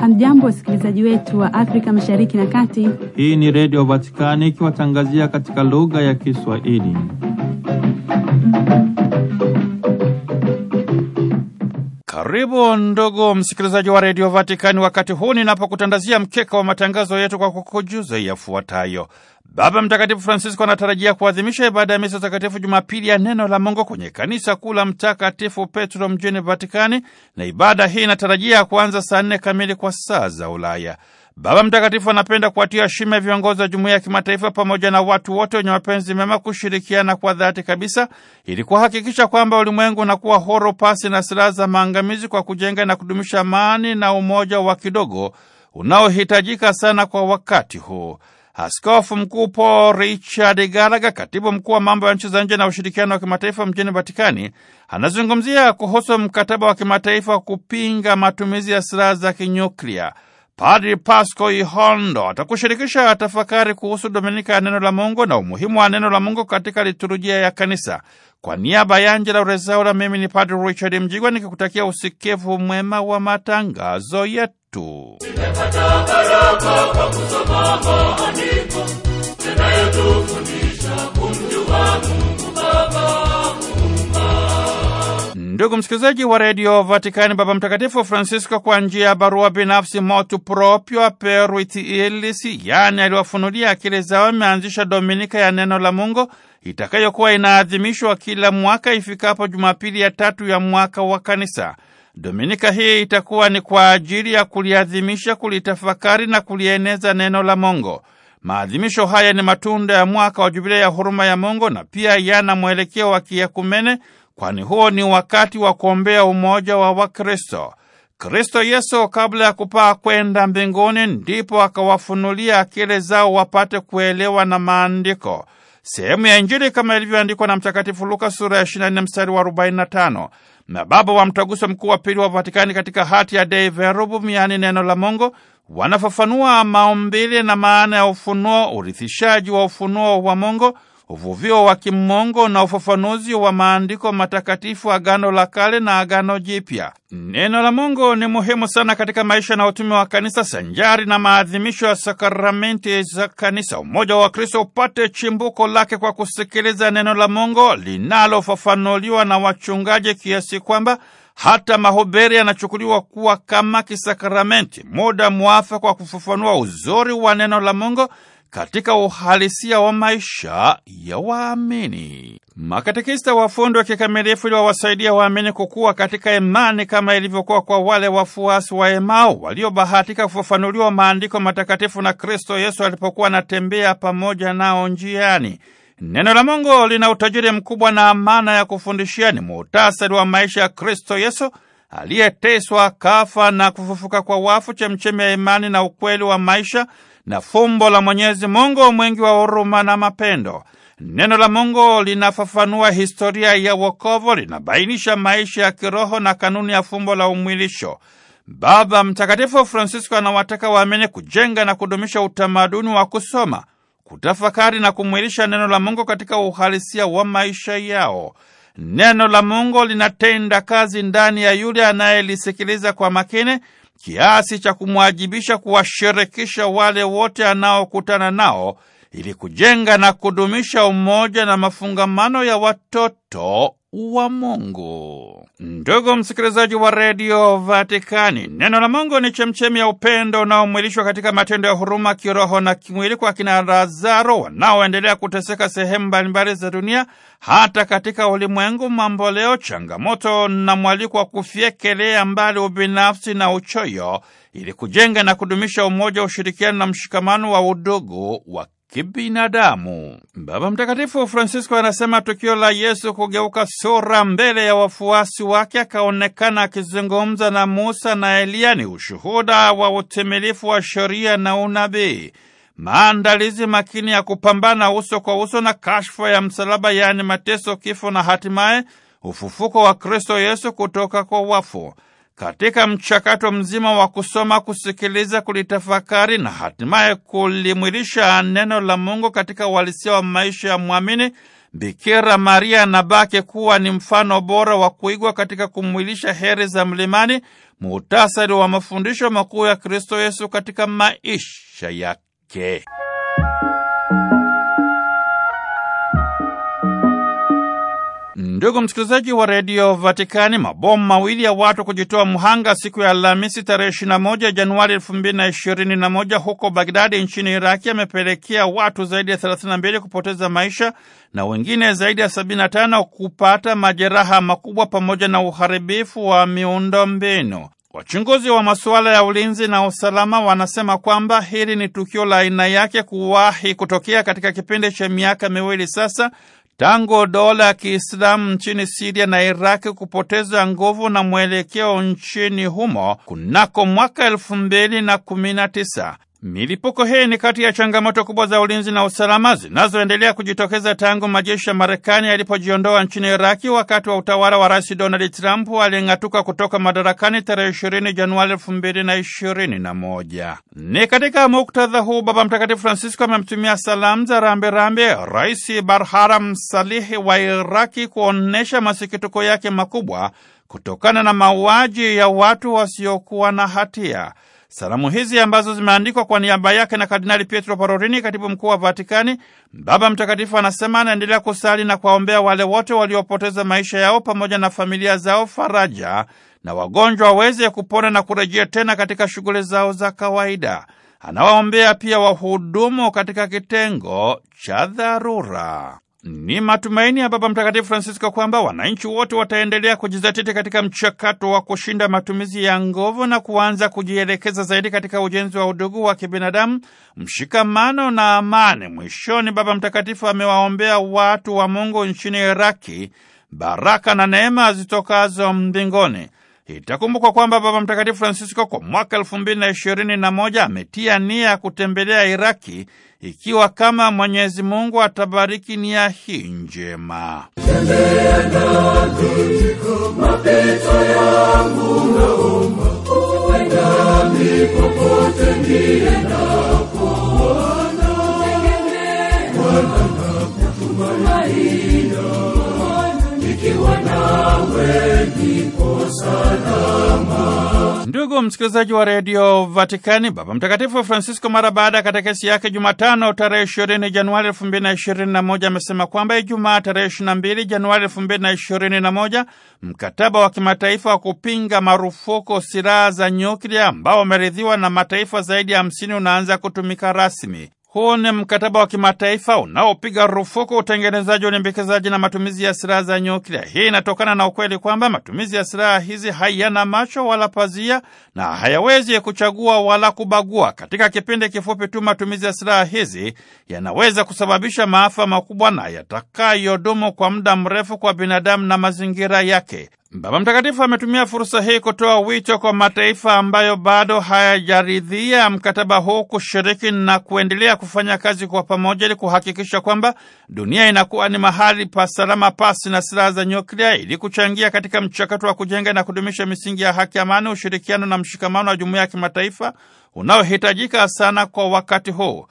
Hamjambo, wasikilizaji wetu wa Afrika Mashariki na Kati. Hii ni Redio Vatikani ikiwatangazia katika lugha ya Kiswahili. Karibu ndugu msikilizaji wa redio Vatikani, wakati huu ninapokutandazia mkeka wa matangazo yetu kwa kukujuza yafuatayo: Baba Mtakatifu Francisco anatarajia kuadhimisha ibada ya misa takatifu Jumapili ya neno la Mungu kwenye kanisa kuu la Mtakatifu Petro mjini Vatikani, na ibada hii inatarajia kuanza saa nne kamili kwa saa za Ulaya. Baba Mtakatifu anapenda kuwatia shime viongozi wa jumuiya ya kimataifa pamoja na watu wote wenye mapenzi mema kushirikiana kwa dhati kabisa ili kuhakikisha kwamba ulimwengu unakuwa horo pasi na silaha za maangamizi kwa kujenga na kudumisha amani na umoja wa kidogo unaohitajika sana kwa wakati huu. Askofu Mkuu Paul Richard Gallagher, katibu mkuu wa mambo ya nchi za nje na ushirikiano wa kimataifa mjini Vatikani, anazungumzia kuhusu mkataba wa kimataifa wa kupinga matumizi ya silaha za kinyuklia. Padri Pasco Ihondo atakushirikisha tafakari kuhusu Dominika ya neno la Mungu na umuhimu wa neno la Mungu katika liturujia ya Kanisa. Kwa niaba ya Angela Rezaula, mimi ni Padri Richard Mjigwa nikikutakia usikivu mwema wa matangazo yetu tu. kwa Ndugu msikilizaji wa redio Vatikani, Baba Mtakatifu Francisco kwa njia ya barua binafsi Motu Proprio Aperuit Illis, yaani aliwafunulia akili zao, imeanzisha Dominika ya Neno la Mungu itakayokuwa inaadhimishwa kila mwaka ifikapo Jumapili ya tatu ya mwaka wa Kanisa. Dominika hii itakuwa ni kwa ajili ya kuliadhimisha, kulitafakari na kulieneza neno la Mungu. Maadhimisho haya ni matunda ya mwaka wa Jubilei ya huruma ya Mungu na pia yana mwelekeo wa kiekumene, kwani huo ni wakati wa kuombea umoja wa Wakristo. Kristo Yesu kabla ya kupaa kwenda mbinguni, ndipo akawafunulia akili zao wapate kuelewa na maandiko. Sehemu ya Injili kama ilivyoandikwa na Mtakatifu Luka sura ya 24 mstari wa 45 na baba wa Mtaguso Mkuu wa Pili wa Vatikani katika hati ya Dei Verbum, yaani neno la Mungu, wanafafanua maumbile na maana ya ufunuo, urithishaji wa ufunuo wa Mungu uvuvio wa kimongo na ufafanuzi wa maandiko matakatifu, Agano la Kale na Agano Jipya. Neno la Mungu ni muhimu sana katika maisha na utume wa kanisa, sanjari na maadhimisho ya sakramenti za kanisa. Umoja wa Kristo upate chimbuko lake kwa kusikiliza neno la Mungu linalofafanuliwa na wachungaji kiasi kwamba hata mahubiri yanachukuliwa kuwa kama kisakramenti, muda mwafaka kwa kufafanua uzuri wa neno la Mungu katika uhalisia wa maisha ya waamini. Makatekista wafundwe kikamilifu ili wawasaidia waamini kukuwa katika imani kama ilivyokuwa kwa wale wafuasi wa Emau waliobahatika kufafanuliwa maandiko matakatifu na Kristo Yesu alipokuwa anatembea pamoja nao njiani. Neno la Mungu lina utajiri mkubwa na amana ya kufundishia. Ni muhtasari wa maisha ya Kristo Yesu aliyeteswa, kafa na kufufuka kwa wafu, chemchemi ya imani na ukweli wa maisha na fumbo la Mwenyezi Mungu mwingi wa huruma na mapendo. Neno la Mungu linafafanua historia ya wokovu, linabainisha maisha ya kiroho na kanuni ya fumbo la umwilisho. Baba Mtakatifu Francisco anawataka waamini kujenga na kudumisha utamaduni wa kusoma, kutafakari na kumwilisha neno la Mungu katika uhalisia wa maisha yao. Neno la Mungu linatenda kazi ndani ya yule anayelisikiliza kwa makini kiasi cha kumwajibisha kuwashirikisha wale wote anaokutana nao ili kujenga na kudumisha umoja na mafungamano ya watoto wa Mungu. Ndugu msikilizaji wa redio Vatikani, neno la Mungu ni chemchemi ya upendo unaomwilishwa katika matendo ya huruma kiroho na kimwili kwa kina Lazaro wanaoendelea kuteseka sehemu mbalimbali za dunia, hata katika ulimwengu mambo leo, changamoto na mwaliko wa kufyekelea mbali ubinafsi na uchoyo, ili kujenga na kudumisha umoja, ushirikiano na mshikamano wa udugu wa kibinadamu. Baba Mtakatifu Francisco anasema tukio la Yesu kugeuka sura mbele ya wafuasi wake akaonekana akizungumza na Musa na Eliya ni ushuhuda wa utimilifu wa sheria na unabii. Maandalizi makini ya kupambana uso kwa uso na kashfa ya msalaba, yaani mateso, kifo na hatimaye ufufuko wa Kristo Yesu kutoka kwa wafu katika mchakato mzima wa kusoma, kusikiliza, kulitafakari na hatimaye kulimwilisha neno la Mungu katika uhalisia wa maisha ya mwamini. Bikira Maria anabaki kuwa ni mfano bora wa kuigwa katika kumwilisha heri za mlimani, muhtasari wa mafundisho makuu ya Kristo Yesu katika maisha yake. Ndugu msikilizaji wa redio Vatikani, mabomu mawili ya watu kujitoa mhanga siku ya Alhamisi tarehe 21 Januari 2021 huko Bagdadi nchini Iraki yamepelekea watu zaidi ya 32 kupoteza maisha na wengine zaidi ya 75 kupata majeraha makubwa pamoja na uharibifu wa miundombinu. Wachunguzi wa masuala ya ulinzi na usalama wanasema kwamba hili ni tukio la aina yake kuwahi kutokea katika kipindi cha miaka miwili sasa tangu dola ya Kiislamu nchini Siria na Iraki kupoteza nguvu na mwelekeo nchini humo kunako mwaka elfu mbili na kumi na tisa. Milipuko hii ni kati ya changamoto kubwa za ulinzi na usalama zinazoendelea kujitokeza tangu majeshi ya Marekani yalipojiondoa nchini Iraki wakati wa utawala wa Rais Donald Trump aliyeng'atuka kutoka madarakani tarehe 20 Januari 2021. Ni katika muktadha huu Baba Mtakatifu Francisco amemtumia salamu za rambirambi Rais Barharam Salih wa Iraki kuonyesha masikitiko yake makubwa kutokana na mauaji ya watu wasiokuwa na hatia. Salamu hizi ambazo zimeandikwa kwa niaba yake na Kardinali Pietro parorini katibu mkuu wa Vatikani, Baba Mtakatifu anasema anaendelea kusali na kuwaombea wale wote waliopoteza maisha yao pamoja na familia zao faraja, na wagonjwa waweze kupona na kurejea tena katika shughuli zao za kawaida. Anawaombea pia wahudumu katika kitengo cha dharura. Ni matumaini ya Baba Mtakatifu Francisco kwamba wananchi wote wataendelea kujizatiti katika mchakato wa kushinda matumizi ya nguvu na kuanza kujielekeza zaidi katika ujenzi wa udugu wa kibinadamu, mshikamano na amani. Mwishoni, Baba Mtakatifu amewaombea watu wa Mungu nchini Iraki baraka na neema zitokazo mbingoni Itakumbukwa kwamba Baba Mtakatifu Francisco kwa mwaka elfu mbili na ishirini na moja ametia nia ya kutembelea Iraki ikiwa kama Mwenyezi Mungu atabariki nia hii njema nikiwa nawe salama. Ndugu msikilizaji wa redio Vatikani, Baba Mtakatifu Francisco mara baada ya katekesi yake Jumatano tarehe ishirini Januari elfu mbili na ishirini na moja amesema kwamba Ijumaa tarehe ishirini na mbili Januari elfu mbili na ishirini na moja mkataba wa kimataifa wa kupinga marufuku silaha za nyuklia ambao umeridhiwa na mataifa zaidi ya hamsini unaanza kutumika rasmi. Huu ni mkataba wa kimataifa unaopiga rufuku utengenezaji, ulimbikizaji na matumizi ya silaha za nyuklia. Hii inatokana na ukweli kwamba matumizi ya silaha hizi hayana macho wala pazia na hayawezi kuchagua wala kubagua. Katika kipindi kifupi tu, matumizi ya silaha hizi yanaweza kusababisha maafa makubwa na yatakayodumu kwa muda mrefu kwa binadamu na mazingira yake. Baba Mtakatifu ametumia fursa hii kutoa wito kwa mataifa ambayo bado hayajaridhia mkataba huu kushiriki na kuendelea kufanya kazi kwa pamoja ili kuhakikisha kwamba dunia inakuwa ni mahali pa salama pasi na silaha za nyuklia ili kuchangia katika mchakato wa kujenga na kudumisha misingi ya haki, amani, ushirikiano na mshikamano wa jumuiya ya kimataifa unaohitajika sana kwa wakati huu.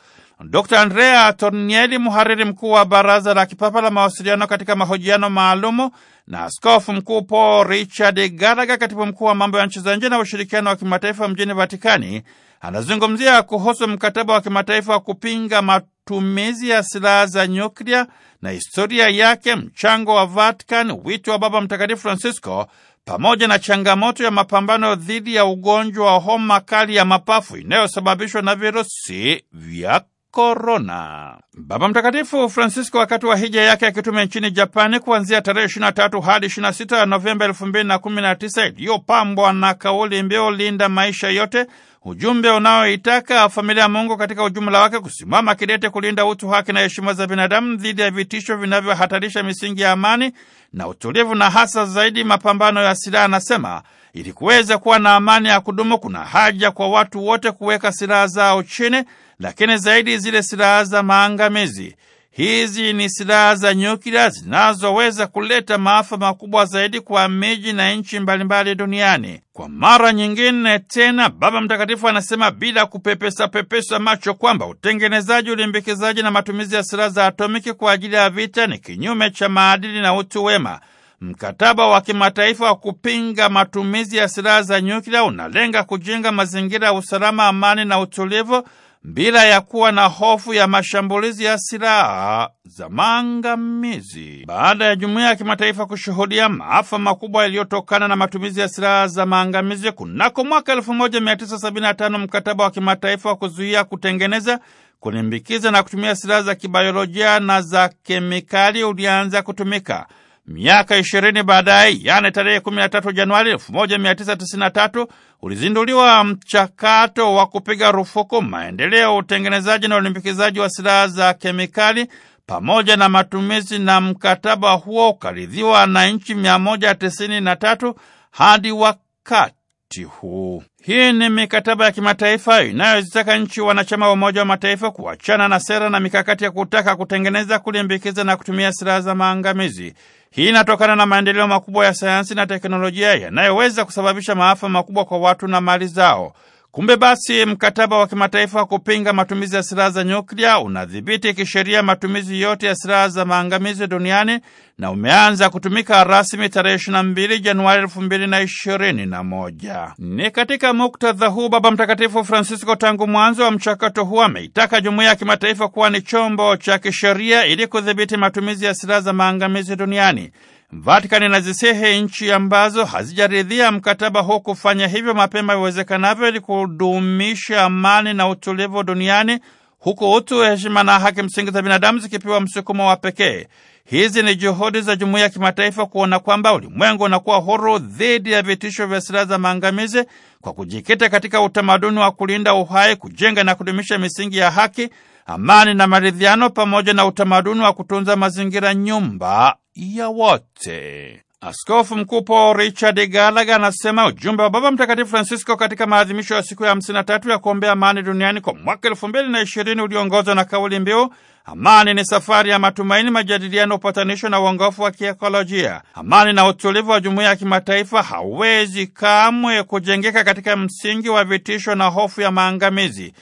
Dr. Andrea tornieli mhariri mkuu wa Baraza la Kipapa la Mawasiliano, katika mahojiano maalumu na Askofu Mkuu Paul Richard garaga katibu mkuu wa mambo ya nchi za nje na ushirikiano wa kimataifa mjini Vatikani, anazungumzia kuhusu mkataba wa kimataifa wa kupinga matumizi ya silaha za nyuklia na historia yake, mchango wa Vatican, wito wa Baba Mtakatifu Francisco pamoja na changamoto ya mapambano dhidi ya ugonjwa wa homa kali ya mapafu inayosababishwa na virusi vya korona. Baba Mtakatifu Francisco wakati wa hija yake akitume nchini Japani kuanzia tarehe 23 hadi 26 Novemba 2019 iliyopambwa na kauli mbiu linda maisha yote, ujumbe unaoitaka familia ya Mungu katika ujumla wake kusimama kidete kulinda utu, haki na heshima za binadamu dhidi ya vitisho vinavyohatarisha misingi ya amani na utulivu, na hasa zaidi mapambano ya silaha. Anasema ili kuweza kuwa na amani ya kudumu, kuna haja kwa watu wote kuweka silaha zao chini lakini zaidi zile silaha za maangamizi. Hizi ni silaha za nyuklia zinazoweza kuleta maafa makubwa zaidi kwa miji na nchi mbalimbali duniani. Kwa mara nyingine tena, Baba Mtakatifu anasema bila kupepesa pepesa macho kwamba utengenezaji, ulimbikizaji na matumizi ya silaha za atomiki kwa ajili ya vita ni kinyume cha maadili na utu wema. Mkataba wa kimataifa wa kupinga matumizi ya silaha za nyuklia unalenga kujenga mazingira ya usalama, amani na utulivu bila ya kuwa na hofu ya mashambulizi ya silaha za maangamizi. Baada ya jumuiya ya kimataifa kushuhudia maafa makubwa yaliyotokana na matumizi ya silaha za maangamizi, kunako mwaka 1975 mkataba wa kimataifa wa kuzuia, kutengeneza, kulimbikiza na kutumia silaha za kibayolojia na za kemikali ulianza kutumika. Miaka ishirini baadaye, yani tarehe 13 Januari 1993 ulizinduliwa mchakato wa kupiga rufuku maendeleo, utengenezaji na ulimbikizaji wa silaha za kemikali pamoja na matumizi, na mkataba huo ukaridhiwa na nchi 193 hadi wakati wakati huu. Hii ni mikataba ya kimataifa inayozitaka nchi wanachama wa Umoja wa Mataifa kuachana na sera na mikakati ya kutaka kutengeneza, kulimbikiza na kutumia silaha za maangamizi. Hii inatokana na maendeleo makubwa ya sayansi na teknolojia yanayoweza kusababisha maafa makubwa kwa watu na mali zao. Kumbe basi mkataba wa kimataifa wa kupinga matumizi ya silaha za nyuklia unadhibiti kisheria matumizi yote ya silaha za maangamizi duniani na umeanza kutumika rasmi tarehe 22 Januari 2021. Ni katika muktadha huu Baba Mtakatifu Francisco tangu mwanzo wa mchakato huu ameitaka jumuiya ya kimataifa kuwa ni chombo cha kisheria ili kudhibiti matumizi ya silaha za maangamizi duniani. Vatikani inazisihi nchi ambazo hazijaridhia mkataba huu kufanya hivyo mapema iwezekanavyo ili kudumisha amani na utulivu duniani huku utu, heshima na haki msingi za binadamu zikipewa msukumo wa pekee. Hizi ni juhudi za jumuiya ya kimataifa kuona kwamba ulimwengu unakuwa huru dhidi ya vitisho vya silaha za maangamizi kwa kujikita katika utamaduni wa kulinda uhai, kujenga na kudumisha misingi ya haki, amani na maridhiano, pamoja na utamaduni wa kutunza mazingira, nyumba ya wote. Askofu Mkuu Paul Richard galaga anasema ujumbe wa Baba Mtakatifu Francisco katika maadhimisho ya siku ya 53 ya kuombea amani duniani kwa mwaka 2020 uliongozwa na kauli mbiu amani ni safari ya matumaini, majadiliano, upatanisho na uongofu wa kiekolojia. Amani na utulivu wa jumuiya ya kimataifa hawezi kamwe kujengeka katika msingi wa vitisho na hofu ya maangamizi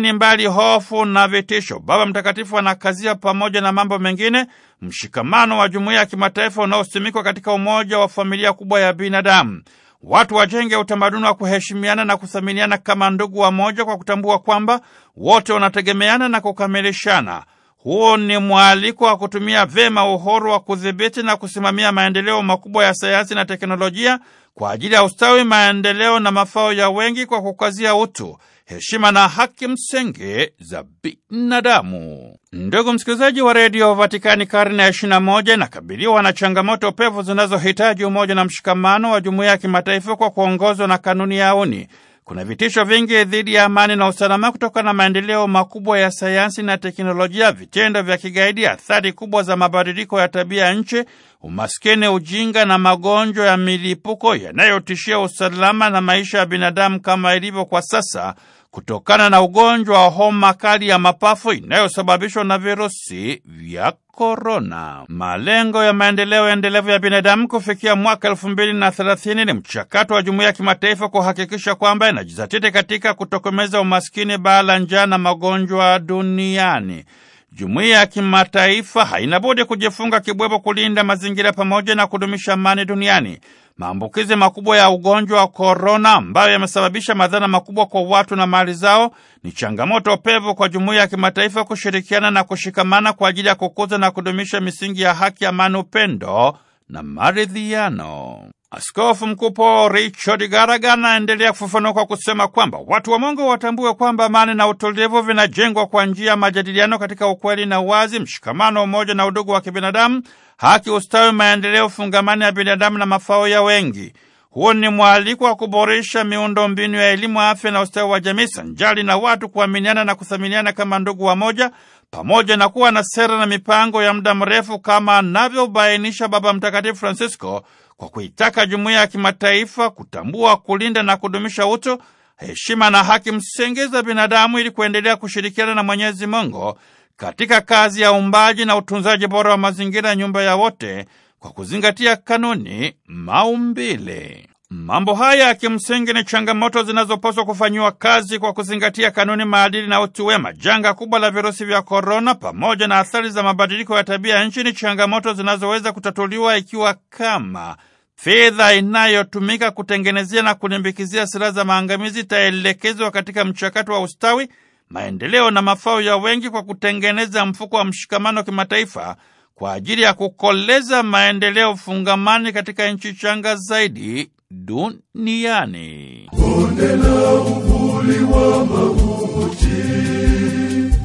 ni mbali hofu na vitisho. Baba Mtakatifu anakazia pamoja na mambo mengine mshikamano wa jumuiya ya kimataifa unaosimikwa katika umoja wa familia kubwa ya binadamu. Watu wajenge utamaduni wa kuheshimiana na kuthaminiana kama ndugu wa moja, kwa kutambua kwamba wote wanategemeana na kukamilishana. Huo ni mwaliko wa kutumia vyema uhuru wa kudhibiti na kusimamia maendeleo makubwa ya sayansi na teknolojia kwa ajili ya ustawi, maendeleo na mafao ya wengi, kwa kukazia utu heshima na haki msingi za binadamu. Ndugu msikilizaji wa redio Vatikani, karne ya 21 inakabiliwa na changamoto pevu zinazohitaji umoja na mshikamano wa jumuiya ya kimataifa kwa kuongozwa na kanuni ya auni. Kuna vitisho vingi dhidi ya amani na usalama kutokana na maendeleo makubwa ya sayansi na teknolojia, vitendo vya kigaidi, athari kubwa za mabadiliko ya tabia ya nchi, umaskini, ujinga na magonjwa ya milipuko yanayotishia usalama na maisha ya binadamu kama ilivyo kwa sasa kutokana na ugonjwa wa homa kali ya mapafu inayosababishwa na virusi vya korona. Malengo ya maendeleo endelevu ya binadamu kufikia mwaka elfu mbili na thelathini ni mchakato wa jumuiya ya kimataifa kuhakikisha kwamba inajizatiti katika kutokomeza umaskini, baa la njaa na magonjwa duniani. Jumuiya ya kimataifa haina budi kujifunga kibwebo kulinda mazingira pamoja na kudumisha amani duniani maambukizi makubwa ya ugonjwa wa korona ambayo yamesababisha madhara makubwa kwa watu na mali zao, ni changamoto pevu kwa jumuiya ya kimataifa kushirikiana na kushikamana kwa ajili ya kukuza na kudumisha misingi ya haki, amani, upendo na maridhiano. Askofu Mkuu Paul Richard Garaga anaendelea kufafanua kwa kusema kwamba watu wa Mungu watambue kwamba amani na utulivu vinajengwa kwa njia ya majadiliano katika ukweli na uwazi, mshikamano, umoja na udugu wa kibinadamu, haki, ustawi, maendeleo fungamani ya binadamu na mafao ya wengi. Huo ni mwaliko wa kuboresha miundo mbinu ya elimu, afya na ustawi wa jamii, sanjali na watu kuaminiana na kuthaminiana kama ndugu wamoja, pamoja na kuwa na sera na mipango ya muda mrefu, kama anavyobainisha Baba Mtakatifu Francisco kwa kuitaka jumuiya ya kimataifa kutambua, kulinda na kudumisha utu, heshima na haki msingi za binadamu ili kuendelea kushirikiana na Mwenyezi Mungu katika kazi ya uumbaji na utunzaji bora wa mazingira, nyumba ya wote, kwa kuzingatia kanuni maumbile. Mambo haya kimsingi ni changamoto zinazopaswa kufanyiwa kazi kwa kuzingatia kanuni, maadili na utu wema. Janga kubwa la virusi vya korona pamoja na athari za mabadiliko ya tabia nchi ni changamoto zinazoweza kutatuliwa ikiwa kama fedha inayotumika kutengenezea na kulimbikizia silaha za maangamizi itaelekezwa katika mchakato wa ustawi, maendeleo na mafao ya wengi kwa kutengeneza mfuko wa mshikamano kimataifa kwa ajili ya kukoleza maendeleo fungamani katika nchi changa zaidi duniani. Bonde la uvuli wa mauti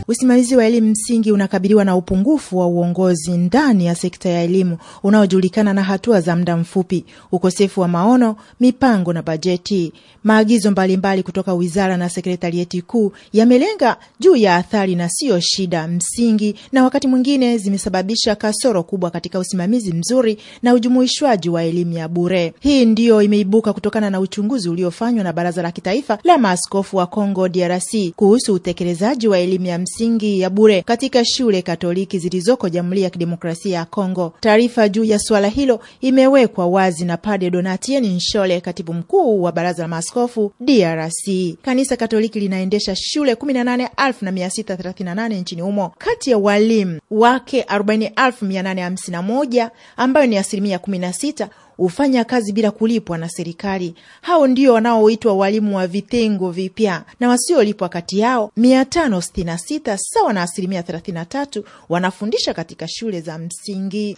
Usimamizi wa elimu msingi unakabiliwa na upungufu wa uongozi ndani ya sekta ya elimu unaojulikana na hatua za muda mfupi, ukosefu wa maono, mipango na bajeti. Maagizo mbalimbali mbali kutoka wizara na sekretarieti kuu yamelenga juu ya athari na siyo shida msingi, na wakati mwingine zimesababisha kasoro kubwa katika usimamizi mzuri na ujumuishwaji wa elimu ya bure. Hii ndiyo imeibuka kutokana na uchunguzi uliofanywa na Baraza la Kitaifa la Maaskofu wa congo DRC kuhusu utekelezaji wa elimu ya msingi msingi ya bure katika shule Katoliki zilizoko Jamhuri ya Kidemokrasia ya Kongo. Taarifa juu ya suala hilo imewekwa wazi na Padre Donatien Nshole, katibu mkuu wa Baraza la Maaskofu DRC. Kanisa Katoliki linaendesha shule 18,638 nchini humo kati ya walimu wake 40,851 ambayo ni asilimia 16 hufanya kazi bila kulipwa na serikali. Hao ndio wanaoitwa walimu wa vitengo vipya, na wasiolipwa kati yao 566 sawa na asilimia 33 wanafundisha katika shule za msingi.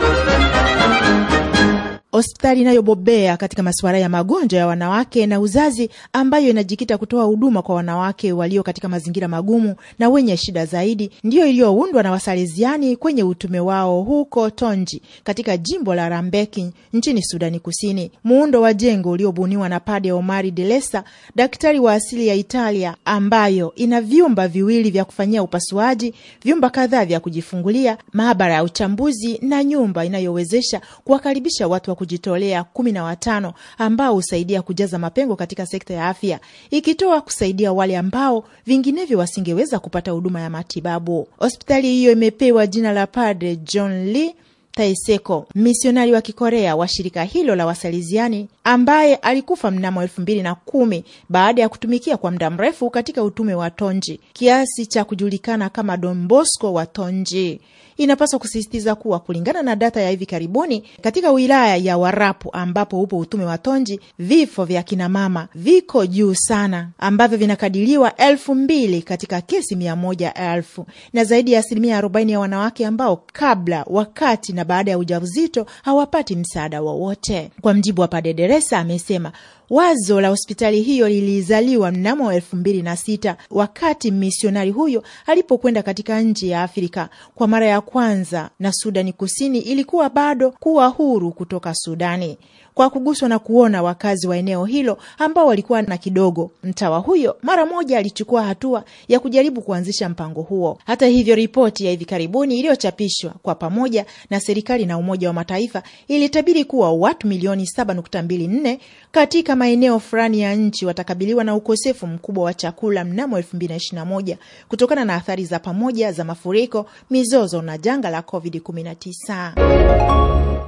Hospitali inayobobea katika masuala ya magonjwa ya wanawake na uzazi ambayo inajikita kutoa huduma kwa wanawake walio katika mazingira magumu na wenye shida zaidi ndiyo iliyoundwa na Wasaleziani kwenye utume wao huko Tonji katika jimbo la Rambeki nchini Sudan Sudani Kusini. Muundo wa jengo uliobuniwa na Pade Omari De Lesa, daktari wa asili ya Italia, ambayo ina vyumba viwili vya kufanyia upasuaji, vyumba kadhaa vya kujifungulia, maabara ya uchambuzi na nyumba inayowezesha kuwakaribisha watu wa kujitolea kumi na watano ambao husaidia kujaza mapengo katika sekta ya afya, ikitoa kusaidia wale ambao vinginevyo wasingeweza kupata huduma ya matibabu. Hospitali hiyo imepewa jina la Padre John Lee Taiseko, misionari wa Kikorea wa shirika hilo la Wasaliziani, ambaye alikufa mnamo elfu mbili na kumi baada ya kutumikia kwa muda mrefu katika utume wa Tonji kiasi cha kujulikana kama Don Bosco wa Tonji inapaswa kusisitiza kuwa kulingana na data ya hivi karibuni katika wilaya ya Warapu ambapo upo utume wa Tonji, vifo vya kinamama viko juu sana, ambavyo vinakadiriwa elfu mbili katika kesi mia moja elfu na zaidi ya asilimia arobaini ya wanawake ambao kabla, wakati na baada ya ujauzito hawapati msaada wowote, kwa mjibu wa Padederesa amesema. Wazo la hospitali hiyo lilizaliwa mnamo elfu mbili na sita wakati misionari huyo alipokwenda katika nchi ya Afrika kwa mara ya kwanza, na Sudani Kusini ilikuwa bado kuwa huru kutoka Sudani kwa kuguswa na kuona wakazi wa eneo hilo ambao walikuwa na kidogo. Mtawa huyo mara moja alichukua hatua ya kujaribu kuanzisha mpango huo. Hata hivyo, ripoti ya hivi karibuni iliyochapishwa kwa pamoja na serikali na Umoja wa Mataifa ilitabiri kuwa watu milioni 7.24 katika maeneo fulani ya nchi watakabiliwa na ukosefu mkubwa wa chakula mnamo 2021 kutokana na athari za pamoja za mafuriko, mizozo na janga la COVID-19.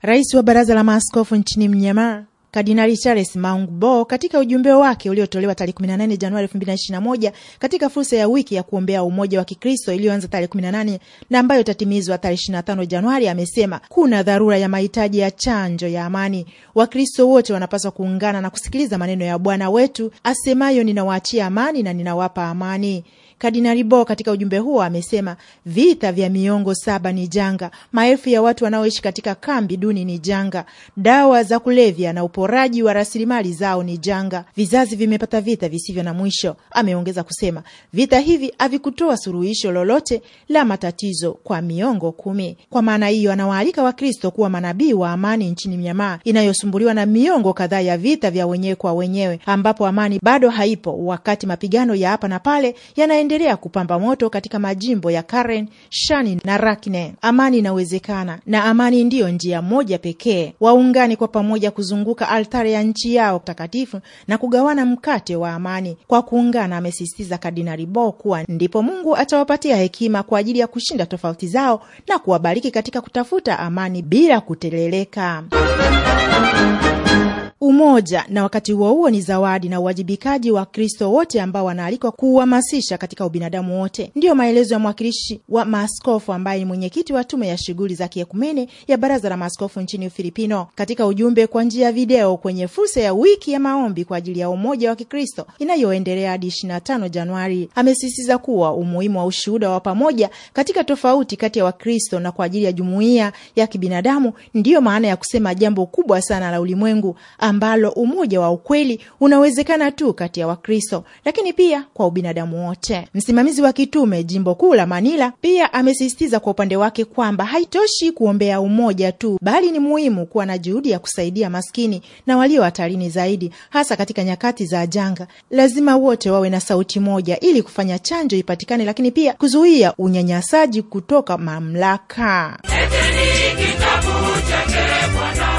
Rais wa Baraza la Maaskofu nchini Mnyama jamaa. Kardinali Charles Maungbo katika ujumbe wake uliotolewa tarehe 18 Januari 2021 katika fursa ya wiki ya kuombea umoja wa Kikristo iliyoanza tarehe 18 na ambayo itatimizwa tarehe 25 Januari, amesema kuna dharura ya mahitaji ya chanjo ya amani. Wakristo wote wanapaswa kuungana na kusikiliza maneno ya Bwana wetu asemayo, ninawaachia amani na ninawapa amani. Kardinali Bo katika ujumbe huo amesema vita vya miongo saba ni janga, maelfu ya watu wanaoishi katika kambi duni ni janga, dawa za kulevya na uporaji wa rasilimali zao ni janga, vizazi vimepata vita visivyo na mwisho. Ameongeza kusema vita hivi havikutoa suluhisho lolote la matatizo kwa miongo kumi. Kwa maana hiyo, anawaalika Wakristo kuwa manabii wa amani nchini Myanmar inayosumbuliwa na miongo kadhaa ya vita vya wenyewe kwa wenyewe, ambapo amani bado haipo, wakati mapigano ya hapa na pale yana imeendelea kupamba moto katika majimbo ya Karen, Shani na Rakne. Amani inawezekana, na amani ndiyo njia moja pekee. Waungane kwa pamoja kuzunguka altari ya nchi yao takatifu na kugawana mkate wa amani kwa kuungana, amesisitiza Kardinali Bo kuwa ndipo Mungu atawapatia hekima kwa ajili ya kushinda tofauti zao na kuwabariki katika kutafuta amani bila kuteleleka umoja na wakati huo huo ni zawadi na uwajibikaji wa Kristo wote ambao wanaalikwa kuuhamasisha katika ubinadamu wote. Ndiyo maelezo ya mwakilishi wa maaskofu ambaye ni mwenyekiti wa tume ya shughuli za kiekumene ya baraza la maaskofu nchini Ufilipino katika ujumbe kwa njia ya video kwenye fursa ya wiki ya maombi kwa ajili ya umoja wa Kikristo inayoendelea hadi 25 Januari. Amesisitiza kuwa umuhimu wa ushuhuda wa pamoja katika tofauti kati ya Wakristo na kwa ajili ya jumuiya ya kibinadamu ndiyo maana ya kusema jambo kubwa sana la ulimwengu ambalo umoja wa ukweli unawezekana tu kati ya Wakristo, lakini pia kwa ubinadamu wote. Msimamizi wa kitume jimbo kuu la Manila pia amesisitiza kwa upande wake kwamba haitoshi kuombea umoja tu, bali ni muhimu kuwa na juhudi ya kusaidia maskini na walio hatarini zaidi, hasa katika nyakati za janga. Lazima wote wawe na sauti moja ili kufanya chanjo ipatikane, lakini pia kuzuia unyanyasaji kutoka mamlaka. Eteni kitabu chake Bwana.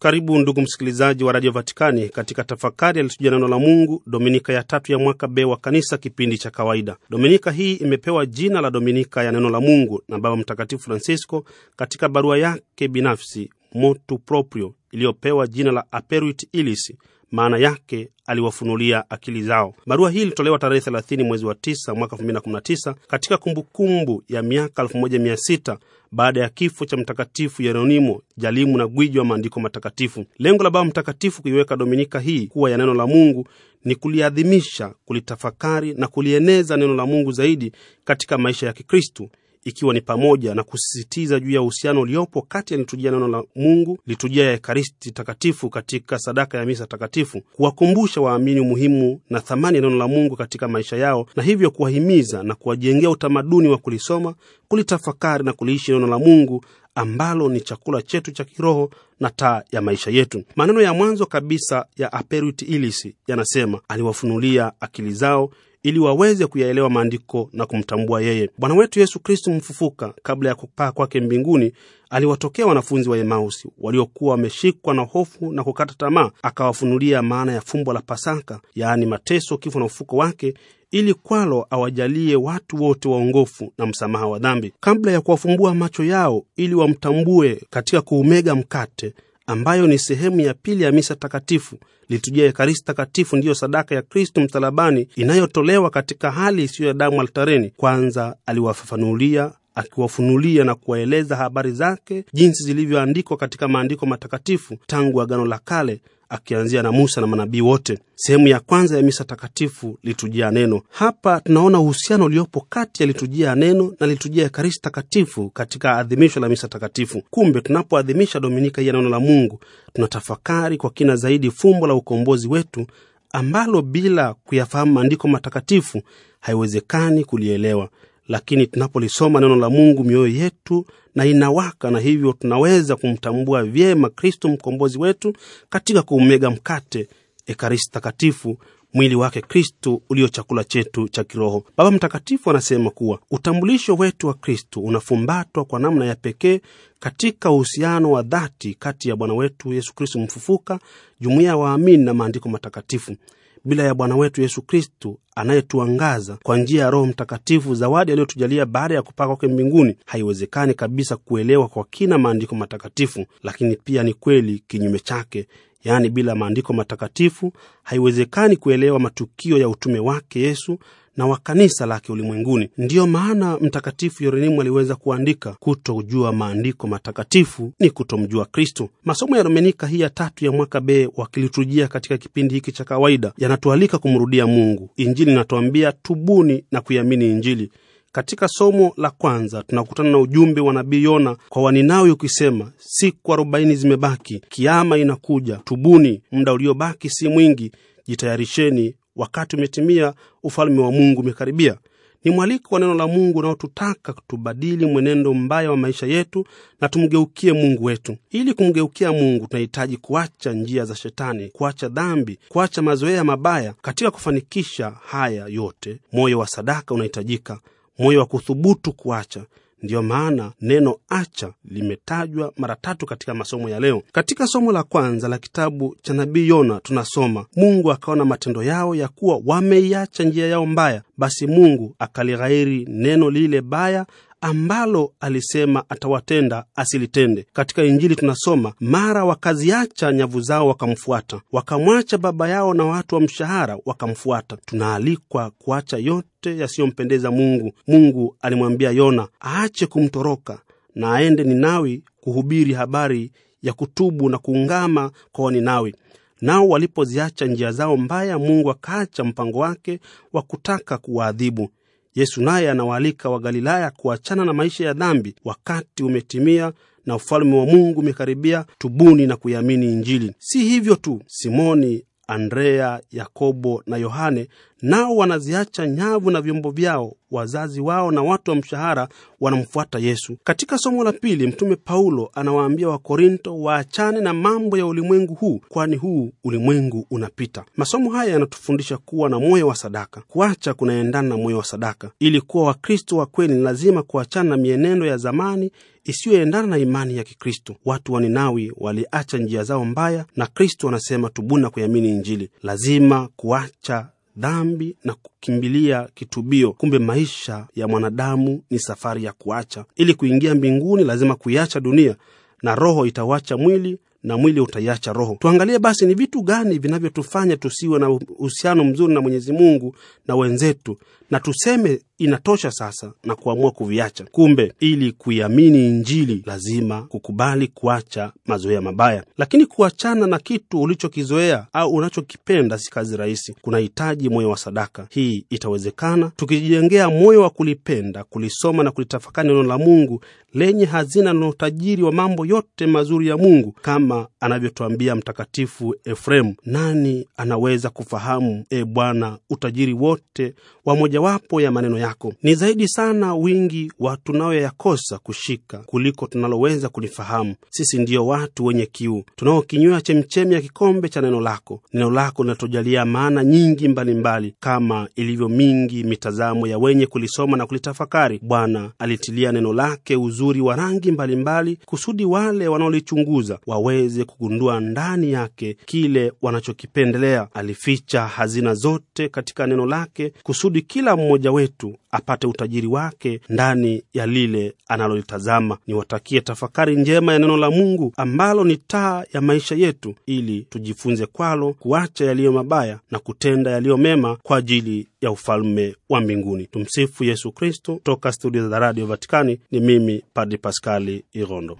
Karibu ndugu msikilizaji wa Radio Vatikani katika tafakari alitujia neno la Mungu, dominika ya tatu ya mwaka B wa Kanisa, kipindi cha kawaida. Dominika hii imepewa jina la Dominika ya neno la Mungu na Baba Mtakatifu Francisco katika barua yake binafsi Motu Proprio iliyopewa jina la Aperuit Ilis, maana yake aliwafunulia akili zao. Barua hii ilitolewa tarehe 30 mwezi wa 9 mwaka 2019 katika kumbukumbu -kumbu ya miaka 1600 baada ya kifo cha Mtakatifu Yeronimo, jalimu na gwiji wa maandiko matakatifu. Lengo la Baba Mtakatifu kuiweka dominika hii kuwa ya neno la Mungu ni kuliadhimisha, kulitafakari na kulieneza neno la Mungu zaidi katika maisha ya Kikristu ikiwa ni pamoja na kusisitiza juu ya uhusiano uliopo kati ya liturujia neno la Mungu, liturujia ya Ekaristi Takatifu katika sadaka ya misa takatifu, kuwakumbusha waamini umuhimu na thamani ya neno la Mungu katika maisha yao, na hivyo kuwahimiza na kuwajengea utamaduni wa kulisoma, kulitafakari na kuliishi neno la Mungu ambalo ni chakula chetu cha kiroho na taa ya maisha yetu. Maneno ya mwanzo kabisa ya Aperuit Ilis yanasema, aliwafunulia akili zao ili waweze kuyaelewa maandiko na kumtambua yeye. Bwana wetu Yesu Kristu mfufuka, kabla ya kupaa kwake mbinguni, aliwatokea wanafunzi wa Emausi waliokuwa wameshikwa na hofu na kukata tamaa, akawafunulia maana ya fumbo la Pasaka, yaani mateso, kifo na ufuko wake ili kwalo awajalie watu wote waongofu na msamaha wa dhambi, kabla ya kuwafumbua macho yao ili wamtambue katika kuumega mkate ambayo ni sehemu ya pili ya misa takatifu. Liturujia ya Ekaristi takatifu ndiyo sadaka ya Kristu msalabani inayotolewa katika hali isiyo ya damu altareni. Kwanza aliwafafanulia akiwafunulia na kuwaeleza habari zake jinsi zilivyoandikwa katika maandiko matakatifu tangu Agano la Kale, akianzia na Musa na manabii wote. Sehemu ya kwanza ya misa takatifu litujia neno. Hapa tunaona uhusiano uliopo kati ya litujia neno na litujia karisi takatifu katika adhimisho la misa takatifu. Kumbe tunapoadhimisha Dominika hii ya neno la Mungu, tunatafakari kwa kina zaidi fumbo la ukombozi wetu ambalo bila kuyafahamu maandiko matakatifu haiwezekani kulielewa lakini tunapolisoma neno la Mungu mioyo yetu na inawaka, na hivyo tunaweza kumtambua vyema Kristo mkombozi wetu katika kuumega mkate Ekaristi Takatifu, mwili wake Kristo ulio chakula chetu cha kiroho. Baba Mtakatifu anasema kuwa utambulisho wetu wa Kristo unafumbatwa kwa namna ya pekee katika uhusiano wa dhati kati ya Bwana wetu Yesu Kristo mfufuka, jumuiya ya waamini na maandiko matakatifu bila ya Bwana wetu Yesu Kristu anayetuangaza kwa njia ya Roho Mtakatifu, zawadi aliyotujalia baada ya kupaa kwake mbinguni, haiwezekani kabisa kuelewa kwa kina maandiko matakatifu. Lakini pia ni kweli kinyume chake, yaani bila maandiko matakatifu haiwezekani kuelewa matukio ya utume wake Yesu na wa kanisa lake ulimwenguni. Ndiyo maana Mtakatifu Yorenimu aliweza kuandika, kutojua maandiko matakatifu ni kutomjua Kristo. Masomo ya Dominika hii ya tatu ya mwaka B wa kiliturujia katika kipindi hiki cha kawaida yanatualika kumrudia Mungu. Injili inatuambia tubuni na kuiamini Injili. Katika somo la kwanza tunakutana na ujumbe wa nabii Yona kwa Waninawi ukisema, siku arobaini zimebaki, kiama inakuja, tubuni, muda uliobaki si mwingi, jitayarisheni wakati umetimia, ufalme wa Mungu umekaribia. Ni mwaliko wa neno la Mungu unaotutaka tubadili mwenendo mbaya wa maisha yetu na tumgeukie Mungu wetu. Ili kumgeukia Mungu, tunahitaji kuacha njia za Shetani, kuacha dhambi, kuacha mazoea mabaya. Katika kufanikisha haya yote, moyo wa sadaka unahitajika, moyo wa kuthubutu kuacha Ndiyo maana neno acha limetajwa mara tatu katika masomo ya leo. Katika somo la kwanza la kitabu cha nabii Yona tunasoma, Mungu akaona matendo yao ya kuwa wameiacha njia yao mbaya, basi Mungu akalighairi neno lile baya ambalo alisema atawatenda asilitende. Katika Injili tunasoma, mara wakaziacha nyavu zao wakamfuata, wakamwacha baba yao na watu wa mshahara wakamfuata. Tunaalikwa kuacha yote yasiyompendeza Mungu. Mungu alimwambia Yona aache kumtoroka na aende Ninawi kuhubiri habari ya kutubu na kuungama kwa Waninawi. Nao walipoziacha njia zao mbaya, Mungu akaacha mpango wake wa kutaka kuwaadhibu. Yesu naye anawaalika Wagalilaya kuachana na maisha ya dhambi. Wakati umetimia na ufalme wa Mungu umekaribia, tubuni na kuiamini Injili. Si hivyo tu, Simoni, Andrea, Yakobo na Yohane nao wanaziacha nyavu na vyombo vyao, wazazi wao na watu wa mshahara wanamfuata Yesu. Katika somo la pili, Mtume Paulo anawaambia Wakorinto waachane na mambo ya ulimwengu huu, kwani huu ulimwengu unapita. Masomo haya yanatufundisha kuwa na moyo wa sadaka. Kuacha kunaendana na moyo wa sadaka. Ili kuwa Wakristo wa kweli, ni lazima kuachana na mienendo ya zamani isiyoendana na imani ya Kikristo. Watu wa Ninawi waliacha njia zao mbaya, na Kristo anasema tubuna kuiamini Injili. Lazima kuacha dhambi na kukimbilia kitubio. Kumbe maisha ya mwanadamu ni safari ya kuacha. Ili kuingia mbinguni, lazima kuiacha dunia, na roho itauacha mwili na mwili utaiacha roho. Tuangalie basi ni vitu gani vinavyotufanya tusiwe na uhusiano mzuri na Mwenyezi Mungu na wenzetu, na tuseme inatosha sasa na kuamua kuviacha. Kumbe ili kuiamini Injili lazima kukubali kuacha mazoea mabaya, lakini kuachana na kitu ulichokizoea au unachokipenda si kazi rahisi, kunahitaji moyo wa sadaka. Hii itawezekana tukijengea moyo wa kulipenda, kulisoma na kulitafakari neno la Mungu lenye hazina na utajiri wa mambo yote mazuri ya Mungu, kama anavyotuambia Mtakatifu Efremu: nani anaweza kufahamu, e Bwana, utajiri wote wa moja mojawapo ya maneno yako. Ni zaidi sana wingi wa tunayoyakosa kushika kuliko tunaloweza kulifahamu. Sisi ndiyo watu wenye kiu tunaokinywa chemchemi ya kikombe cha neno lako. Neno lako linatojalia maana nyingi mbalimbali mbali, kama ilivyo mingi mitazamo ya wenye kulisoma na kulitafakari. Bwana alitilia neno lake uzuri wa rangi mbalimbali kusudi wale wanaolichunguza waweze kugundua ndani yake kile wanachokipendelea. Alificha hazina zote katika neno lake kusudi kila kila mmoja wetu apate utajiri wake ndani ya lile analolitazama. Niwatakie tafakari njema ya neno la Mungu ambalo ni taa ya maisha yetu, ili tujifunze kwalo kuacha yaliyo mabaya na kutenda yaliyo mema kwa ajili ya ufalme wa mbinguni. Tumsifu Yesu Kristo. Toka studio za Radio Vatikani ni mimi Padri Paskali Irondo.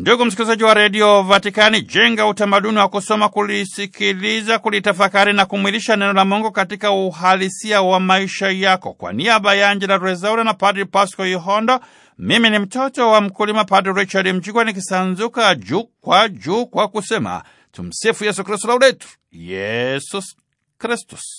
Ndugu msikilizaji wa redio Vatikani, jenga utamaduni wa kusoma, kulisikiliza, kulitafakari na kumwilisha neno la Mungu katika uhalisia wa maisha yako. Kwa niaba ya Angela Rezaura na Padri Pasco Ihondo, mimi ni mtoto wa mkulima Padri Richard Mjigwa nikisanzuka juu kwa juu kwa kusema tumsifu Yesu Kristu, lauletu Yesus Kristus.